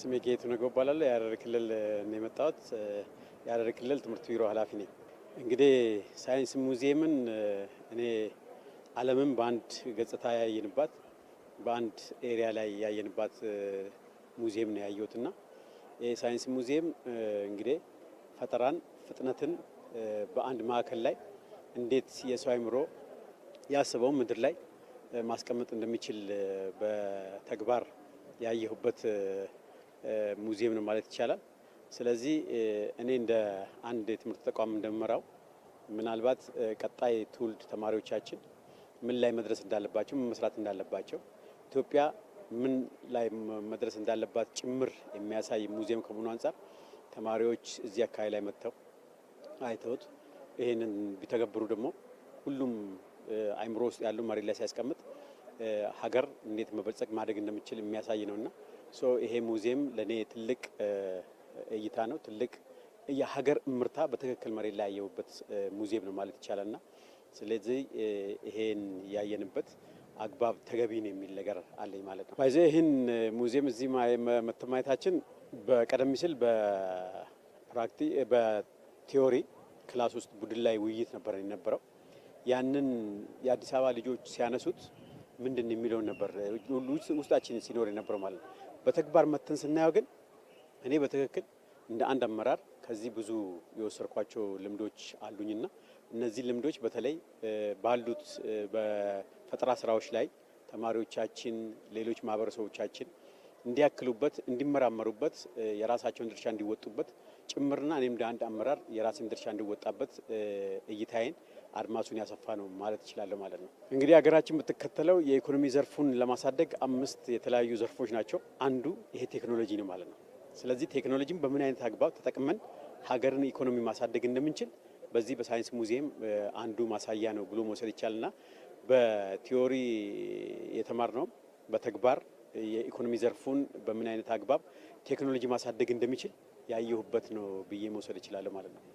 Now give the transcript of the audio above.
ስሜ ጌቱ ነገ እባላለሁ። የሀረሪ ክልል ነው የመጣሁት። የሀረሪ ክልል ትምህርት ቢሮ ኃላፊ ነኝ። እንግዲህ ሳይንስ ሙዚየምን እኔ ዓለምን በአንድ ገጽታ ያየንባት በአንድ ኤሪያ ላይ ያየንባት ሙዚየም ነው ያየሁትና ይህ ሳይንስ ሙዚየም እንግዲህ ፈጠራን፣ ፍጥነትን በአንድ ማዕከል ላይ እንዴት የሰው አይምሮ ያስበው ምድር ላይ ማስቀመጥ እንደሚችል በተግባር ያየሁበት ሙዚየም ነው ማለት ይቻላል። ስለዚህ እኔ እንደ አንድ የትምህርት ተቋም እንደምመራው ምናልባት ቀጣይ ትውልድ ተማሪዎቻችን ምን ላይ መድረስ እንዳለባቸው ምን መስራት እንዳለባቸው ኢትዮጵያ ምን ላይ መድረስ እንዳለባት ጭምር የሚያሳይ ሙዚየም ከመሆኑ አንጻር ተማሪዎች እዚህ አካባቢ ላይ መጥተው አይተውት ይህንን ቢተገብሩ ደግሞ ሁሉም አይምሮ ውስጥ ያሉ መሬት ላይ ሲያስቀምጥ ሀገር እንዴት መበልጸግ ማደግ እንደምችል የሚያሳይ ነው እና። ይሄ ሙዚየም ለእኔ ትልቅ እይታ ነው። ትልቅ የሀገር እምርታ በትክክል መሬት ላይ ያየሁበት ሙዚየም ነው ማለት ና ስለዚህ ይሄን ያየንበት አግባብ ተገቢ ነው የሚል ነገር አለኝ ማለት ነው። ይዘ ይህን ሙዚየም እዚህ መተማየታችን በቀደም ሲል በፕራክቲ በቴዎሪ ክላስ ውስጥ ቡድን ላይ ውይይት ነበረ የነበረው። ያንን የአዲስ አበባ ልጆች ሲያነሱት ምንድን የሚለውን ነበር ውስጣችን ሲኖር የነበረው ማለት ነው። በተግባር መተን ስናየው ግን እኔ በትክክል እንደ አንድ አመራር ከዚህ ብዙ የወሰድኳቸው ልምዶች አሉኝና እነዚህ ልምዶች በተለይ ባሉት በፈጠራ ስራዎች ላይ ተማሪዎቻችን፣ ሌሎች ማህበረሰቦቻችን እንዲያክሉበት፣ እንዲመራመሩበት፣ የራሳቸውን ድርሻ እንዲወጡበት ጭምርና እኔም እንደ አንድ አመራር የራሴን ድርሻ እንዲወጣበት እይታዬን አድማሱን ያሰፋ ነው ማለት እችላለሁ ማለት ነው። እንግዲህ ሀገራችን የምትከተለው የኢኮኖሚ ዘርፉን ለማሳደግ አምስት የተለያዩ ዘርፎች ናቸው። አንዱ ይሄ ቴክኖሎጂ ነው ማለት ነው። ስለዚህ ቴክኖሎጂን በምን አይነት አግባብ ተጠቅመን ሀገርን ኢኮኖሚ ማሳደግ እንደምንችል በዚህ በሳይንስ ሙዚየም አንዱ ማሳያ ነው ብሎ መውሰድ ይቻልና በቲዮሪ የተማርነውም በተግባር የኢኮኖሚ ዘርፉን በምን አይነት አግባብ ቴክኖሎጂ ማሳደግ እንደሚችል ያየሁበት ነው ብዬ መውሰድ እችላለሁ ማለት ነው።